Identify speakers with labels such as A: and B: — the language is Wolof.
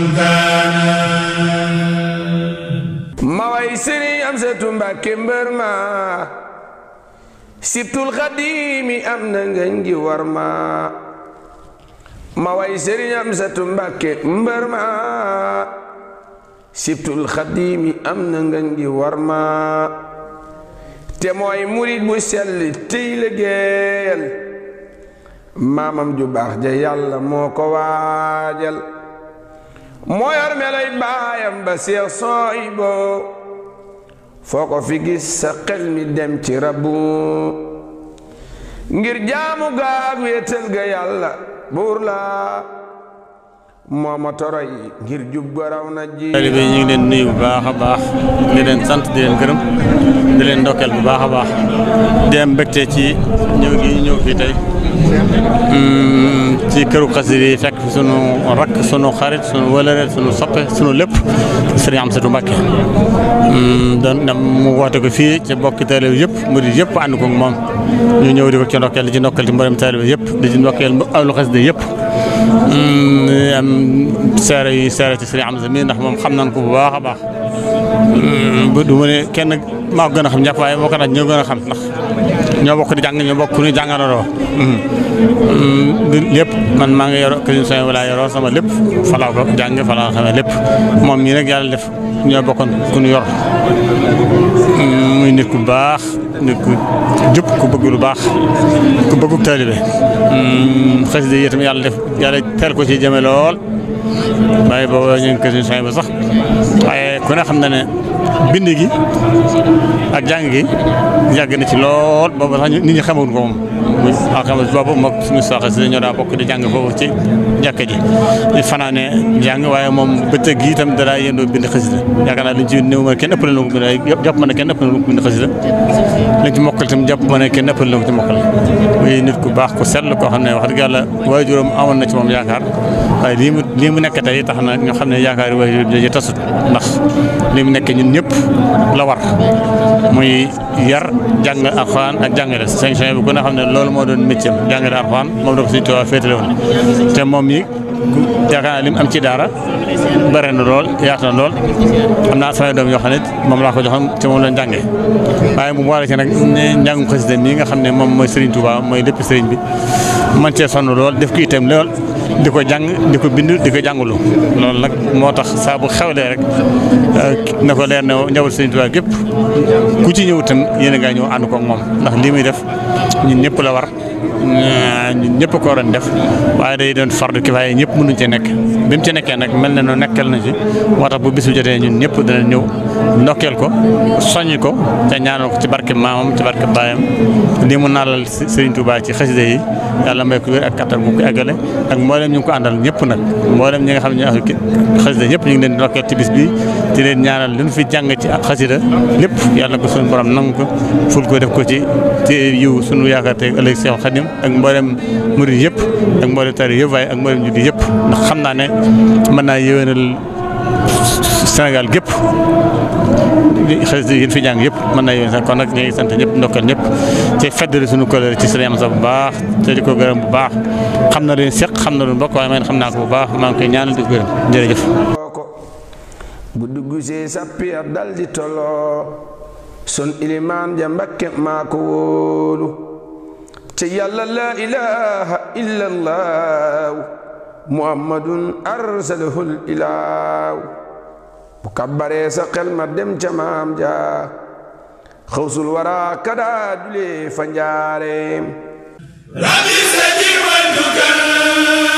A: sultaana ma am sa tumba kémbër ma sibtul am na warma. gi am sa tumba kémbër ma am warma. murid bu sell tey liggéeyal mamam ju baax ja moyor melay mbaayam ba sie sooybo foo ko figi sa xel mi dem ci rabbu ngir jaamu gaag wetel ga yàlla buurla mooma toroy ngir jub goraw na ji alibe ñu ngi leen
B: nuyu bu baax a baax di leen sant di leen gërëm di leen ndokkel bu baax a baax dem mbégte ci ñëw gi ñëw fii tey Mm, ci këru xasida yi fekk sunu rakk sunu xarit sunu wëlëre sunu soppe sunu lépp sëriñ Amsatu Mbàkke mm, doon na mu woote ko fii ci bokki taalibe yëpp di yëpp ànd ko moom ñu ñëw di ko ci ndokkeel di ci ndokkeel ci mboolem taalibe yëpp di ci ndokkeel ahlu xasida yëpp mm, am seere yi seere ci sëriñ Amsa mi ndax moom xam nañ ko bu baax a baax Mm, du ma ne kenn maa gën a xam ñàpp waaye ñoo gën a xam ndax ñoo bokk di jàng ñoo bokk ni jàngandoo mm-hmm. mm, lépp man maa ngi yor këriñ sama wala yoroo sama lépp falaa ko jànge falaa lépp moom mii rek yàlla def ñoo bokkoon ku ñu yor mm, muy nit ku baax nit ku jub ku bëgg lu baax ku bëggu taalibe xës de itam yàlla def yàlla teel ko ci jëme lool waaye booba ñu ngi këriñ sama sax كنا خمدا بندقي أجانجي يعني تلوت بابا نيجي خمون قوم أكمل بابا ما بسمي ساقس الدنيا رابع كده جانج بابا تي جاكدي الفنانة جانج وياه مم بتجي تام دراي ينو بند خزر يعني كنا لنجي نيو ما كنا بنا نو بند جاب منا كنا بنا نو بند خزر لنجي مقل تام جاب منا كنا بنا نو تام مقل وينو كباخ كسر لك خمدا وهرجع لا وياه جرام آمن نجوم جاكار ليه ليه منا كتاجي تهنا خمدا جاكار وياه جيتا tasut ndax li mu nekk ñun ñëpp la war muy yar jàng alxuraan ak jàngale sëñ Cheikh bu ko na xam ne lool moo doon métier jàngale alxuraan moom da ko suñu tubaab féetale te moom yi yaakaar li mu am ci daara bare na lool yaatu na lool am yoo xam ne moom laa ko joxoon ci moom lañ jàngee waaye mu boole ci nag njàngum xasida mii nga xam ne moom mooy Serigne Touba mooy lépp Serigne bi man cee sonn lool def ko itam lool di ko jàng di ko bind di ko jàngalu loolu nag moo tax saa bu lee rek eh, na ko leer ne njabootu Sëriñ Tuubaa gépp ku ci ñëwutam itam yéen a ngaa ñëw ànd ko moom ndax lii muy def ñun ñëpp la war. ñun ñëpp ko waroon def waaye day doon fardu kifaaya ñëpp mënuñ ci nekk bi mu ci nekkee nag mel na ne nekkal na ci ko soññ ko te ñaanal ko ci barke maamam ci barke baayam lii mu naalal Serigne Touba ci xasida yi yàlla may ko wér ak kattan bu ko eggale ak mboolem ñu ngi ko àndal ñëpp nag mboolem ñi nga xam ne xasida ñëpp ñu ngi leen ndokkeel ci bis bi di leen ñaanal lu ñu fi jàng ci xasida lépp yàlla ko suñu ko def ko ci te yiw suñu yaakaar te ëllëg Xadim ak mboolem murid yëpp ak mboolem tari yëpp waaye ak mboolem juddi yëpp ndax xam naa ne mën naa yéwénal Sénégal gépp xasida yi fi jàng yëpp mën naa yéwén sax kon nag ñu ngi sant ñëpp ndokkal ñëpp te feddali suñu kóllëre ci sëriñ Amsa bu baax te di ko gërëm bu baax xam na leen seq xam na lu bokk waaye man xam naa ko bu baax maa ngi koy di ko gërëm jërëjëf
A: te yàlla laa ilaha illa allah muhammadun arsalahul ilaaw bu kabbaree sa xel ma dem ca maam ja xawsul wara kada dule fa njaareem rabbi sa jiwan dugan